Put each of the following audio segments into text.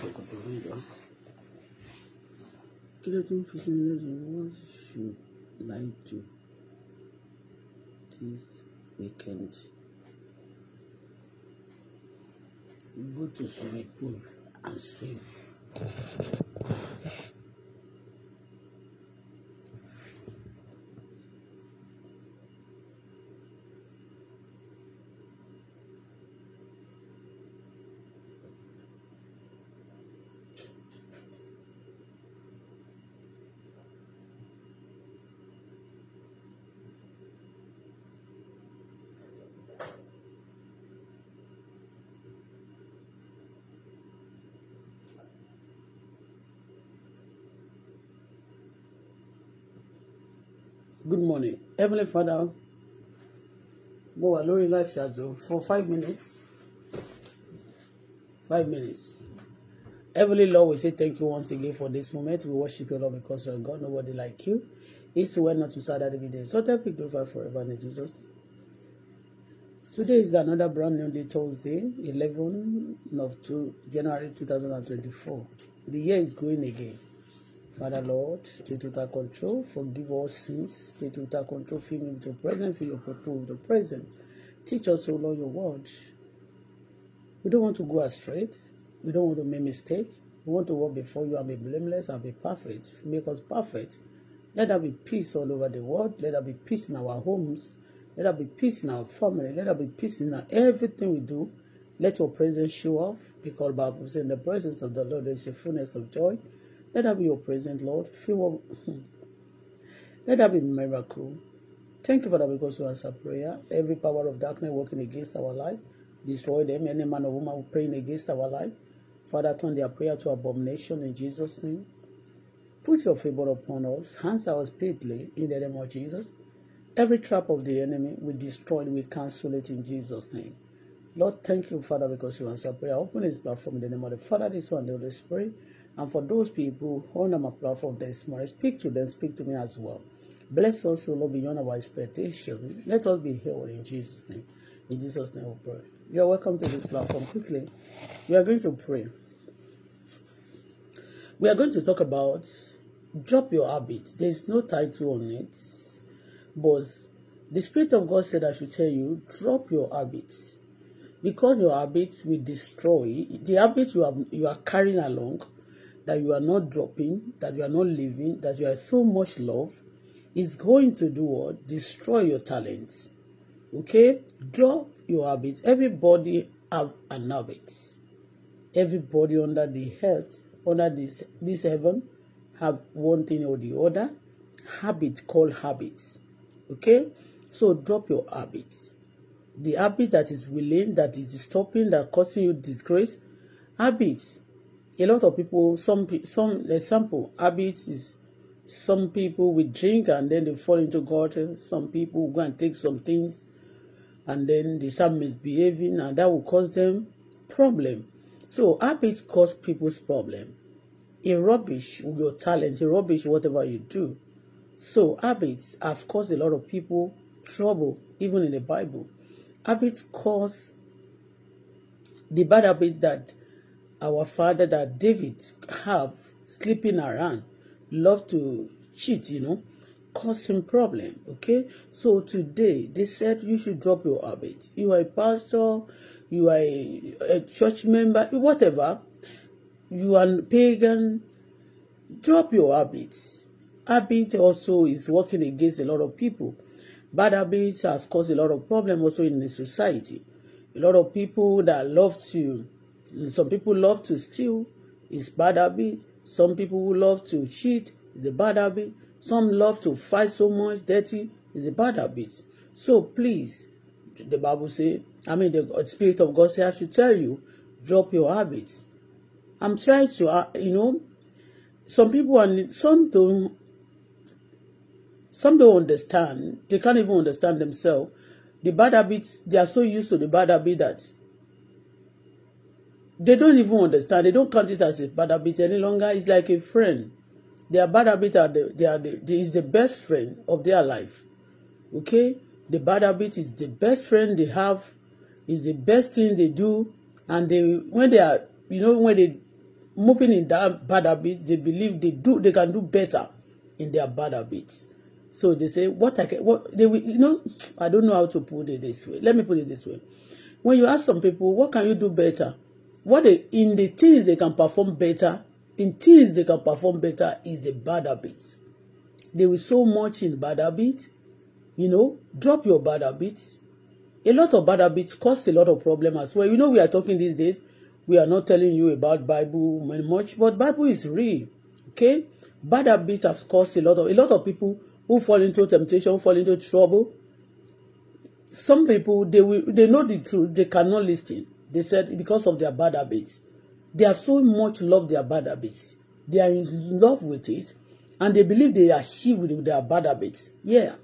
ṣòkòtò rí lọ. kí ló tún fi sí mi lójú what should I do this weekend? go to swimming pool and swim. Good morning. Heavenly Father, mo wà lórí life shadow for five minutes. Five minutes. Heavenly Lord, we say thank you once again for this moment. We worship your Lord, because you God, nobody like you. It's well not to start that every day. So help me glorify forever in Jesus' name. Today is another brand new day, Thursday, 11 of 2, January 2024. The year is going again. Father Lord, take total control, forgive all sins, take total control, fill me with your presence, fill your people with your presence. Teach us, O Lord, your word. We don't want to go astray. We don't want to make mistake. We want to walk before you and be blameless and be perfect. Make us perfect. Let there be peace all over the world. Let there be peace in our homes. Let there be peace in our family. Let there be peace in everything we do. Let your presence show off because Bible says in the presence of the Lord there is a fullness of joy. Let that be your present, Lord. Favor. Hmm. Let that be miracle. Thank you, Father, because you answer prayer. Every power of darkness working against our life, destroy them. Any man or woman praying against our life, Father, turn their prayer to abomination in Jesus' name. Put your favor upon us. Answer us speedily in the name of Jesus. Every trap of the enemy, we destroy, we cancel it in Jesus' name. Lord, thank you, Father, because you answer prayer. Open this platform in the name of the Father, this one, the Holy Spirit. And for those people on my platform this morning, speak to them, speak to me as well. Bless us, O Lord, beyond our expectation. Let us be healed in Jesus' name. In Jesus' name we pray. You are welcome to this platform. Quickly, we are going to pray. We are going to talk about drop your habits. There is no title on it, but the Spirit of God said I should tell you, drop your habits. Because your habits will destroy the habits you, have, you are carrying along that you are not dropping, that you are not leaving, that you are so much love, is going to do what? Destroy your talents. Okay? Drop your habits. Everybody have an habit. Everybody under the earth, under this, this heaven, have one thing or the other. Habit called habits. Okay? So drop your habits. The habit that is willing, that is stopping, that causing you disgrace. Habits A lot of people, some some example habits is some people will drink and then they fall into gutter. Some people go and take some things and then they start misbehaving and that will cause them problem. So habits cause people's problem. A rubbish your talent, a rubbish whatever you do. So habits have caused a lot of people trouble, even in the Bible. Habits cause the bad habit that our father that David have sleeping around love to cheat, you know, causing problem. Okay, so today they said you should drop your habit. You are a pastor, you are a, a church member, whatever. You are pagan. Drop your habits. Habit also is working against a lot of people. Bad habits has caused a lot of problem also in the society. A lot of people that love to some people love to steal it's bad habit some people who love to cheat is a bad habit some love to fight so much dirty is a bad habit so please the bible say i mean the spirit of god say i should tell you drop your habits i'm trying to uh, you know some people are some don't some don't understand they can't even understand themselves the bad habits they are so used to the bad habit that they don't even understand they don't count it as a bad habit any longer it's like a friend their bad habit are the, they are the, they is the best friend of their life okay the bad habit is the best friend they have is the best thing they do and they when they are you know when they moving in that bad habit they believe they do they can do better in their bad habits so they say what i can what they will you know i don't know how to put it this way let me put it this way when you ask some people what can you do better what they in the things they can perform better in things they can perform better is the bad habits they will so much in bad habits you know drop your bad habits a lot of bad habits cause a lot of problems as well you know we are talking these days we are not telling you about Bible much but Bible is real okay bad habits have caused a lot of a lot of people who fall into temptation fall into trouble some people they will they know the truth they cannot listen They said because of their bad habits. They have so much love their bad habits. They are in love with it. And they believe they achieve with their bad habits. Yeah.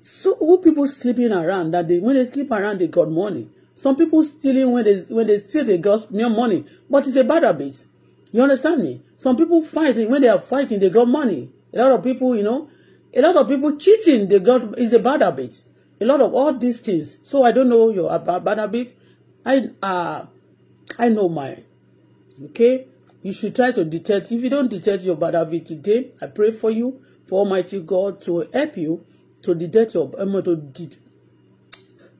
So who people sleeping around that they when they sleep around they got money. Some people stealing when they when they steal they got more money. But it's a bad habit. You understand me? Some people fighting when they are fighting they got money. A lot of people, you know, a lot of people cheating they got is a bad habit. A lot of all these things. So I don't know your bad habit. I uh I know my, Okay? You should try to detect. If you don't detect your bad habit today, I pray for you, for Almighty God to help you to detect your um, to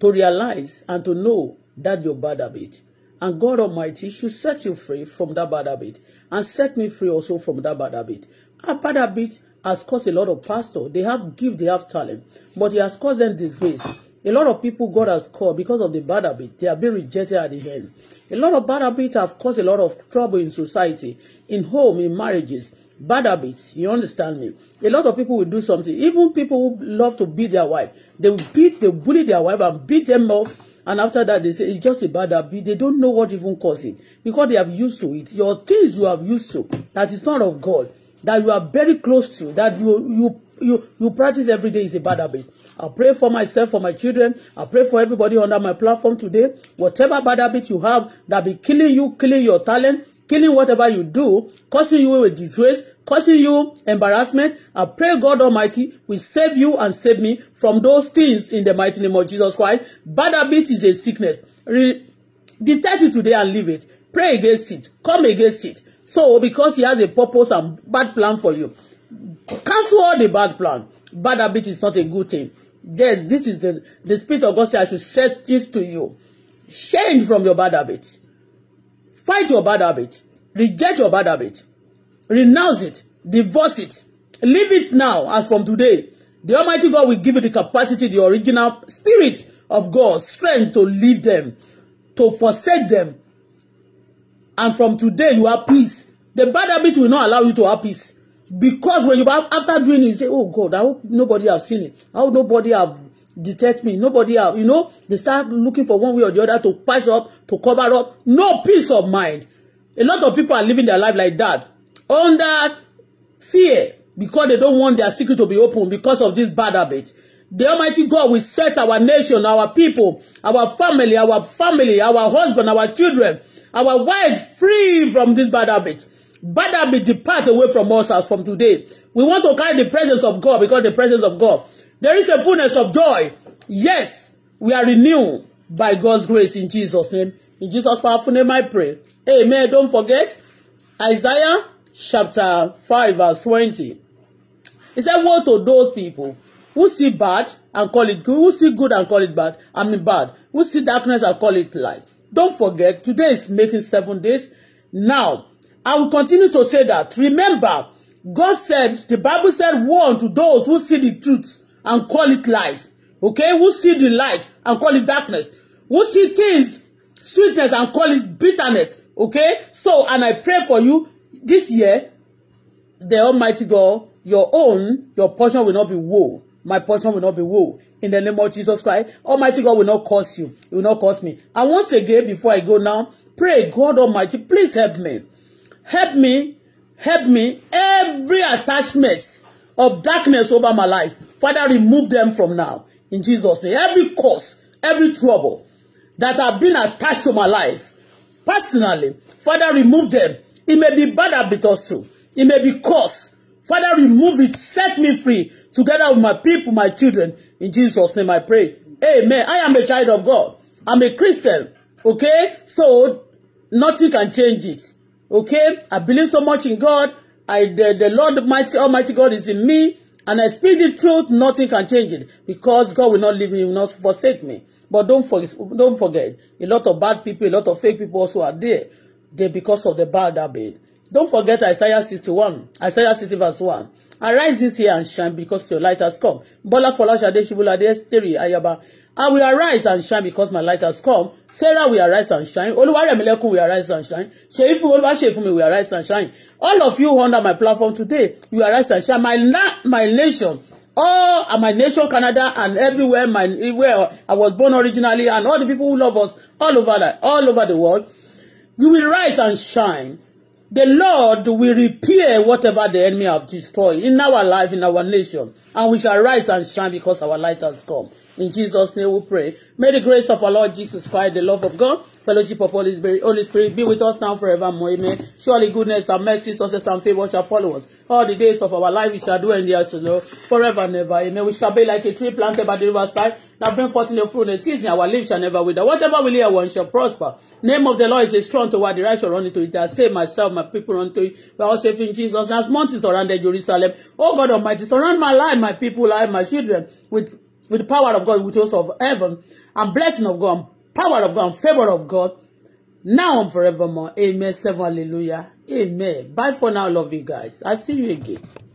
to realize and to know that your bad habit. And God Almighty should set you free from that bad habit and set me free also from that bad habit. A bad habit has caused a lot of pastors. They have gift, they have talent, but it has caused them disgrace. A lot of people God has called because of the bad habit, they are being rejected at the end. A lot of bad habits have caused a lot of trouble in society, in home, in marriages. Bad habits, you understand me? A lot of people will do something. Even people who love to beat their wife, they will beat, they will bully their wife and beat them up. And after that, they say it's just a bad habit. They don't know what even caused it because they have used to it. Your things you have used to that is not of God, that you are very close to, that you you you you practice every day is a bad habit. I pray for myself, for my children. I pray for everybody under my platform today. Whatever bad habit you have that be killing you, killing your talent, killing whatever you do, causing you a disgrace, causing you embarrassment. I pray God Almighty will save you and save me from those things in the mighty name of Jesus Christ. Bad habit is a sickness. Re detect it today and leave it. Pray against it. Come against it. So, because he has a purpose and bad plan for you, cancel all the bad plan. Bad habit is not a good thing. Yes, this is the, the Spirit of God says, I should set this to you. Change from your bad habits. Fight your bad habit. Reject your bad habit. Renounce it. Divorce it. Leave it now as from today. The Almighty God will give you the capacity, the original spirit of God, strength to leave them, to forsake them. And from today, you have peace. The bad habit will not allow you to have peace because when you after doing it you say oh god i hope nobody have seen it i hope nobody have detect me nobody have you know they start looking for one way or the other to patch up to cover up no peace of mind a lot of people are living their life like that under fear because they don't want their secret to be open because of this bad habit the Almighty God will set our nation, our people, our family, our family, our husband, our children, our wives free from this bad habit. Bother be depart away from us as from today. We want to carry the presence of God because the presence of God. There is a fullness of joy. Yes, we are renewed by God's grace in Jesus' name. In Jesus' powerful name I pray. Amen. Don't forget Isaiah chapter 5 verse 20. He said, "What to those people who see bad and call it good, who see good and call it bad, I mean bad, who see darkness and call it light. Don't forget, today is making seven days. Now, I will continue to say that. Remember, God said, the Bible said, woe unto those who see the truth and call it lies. Okay? Who see the light and call it darkness. Who see things, sweetness and call it bitterness. Okay? So, and I pray for you this year, the Almighty God, your own, your portion will not be woe. My portion will not be woe. In the name of Jesus Christ, Almighty God will not curse you. He will not curse me. And once again, before I go now, pray, God Almighty, please help me help me, help me, every attachment of darkness over my life, Father, remove them from now. In Jesus' name, every cause, every trouble that have been attached to my life, personally, Father, remove them. It may be bad habit also. It may be cause. Father, remove it. Set me free together with my people, my children. In Jesus' name I pray. Amen. I am a child of God. I'm a Christian. Okay? So, nothing can change it. Okay, I believe so much in God. I the, the Lord mighty Almighty God is in me, and I speak the truth. Nothing can change it because God will not leave me, will not forsake me. But don't forget, don't forget, a lot of bad people, a lot of fake people also are there. They because of the bad habit. Don't forget Isaiah sixty-one, Isaiah sixty verse 1. Arise this year and shine because your light has come. Bola Folashade Shibulade Esteri Ayaba. I will arise and shine because my light has come. Sarah will arise and shine. Oluwaremilekun will arise and shine. Sheifu Oluwasefunmi will arise and shine. All of you under my platform today, you arise and shine. My na my nation all oh, my nation Canada and everywhere my where I was born originally and all the people who love us all over the, all over the world you will rise and shine The Lord will repair whatever the enemy have destroyed in our life, in our nation, and we shall rise and shine because our light has come. In Jesus' name we pray. May the grace of our Lord Jesus Christ, the love of God, fellowship of Holy Spirit, Holy Spirit be with us now forevermore. Amen. Surely goodness and mercy, success and favor shall follow us. All the days of our life we shall do in the house Lord forever and ever. Amen. We shall be like a tree planted by the riverside Now bring forth in your fruit in season. Our life shall never wither. Whatever we hear, one shall prosper. Name of the Lord is a strong toward the righteous run into it. I say myself, my people run to it. We are all safe in Jesus. As mountains surround Jerusalem. Oh God Almighty, surround my life, my people, life, my children with with the power of God, with those of heaven, and blessing of God, power of God, and favor of God, now and forevermore. Amen. Seven hallelujah. Amen. Bye for now. Love you guys. I'll see you again.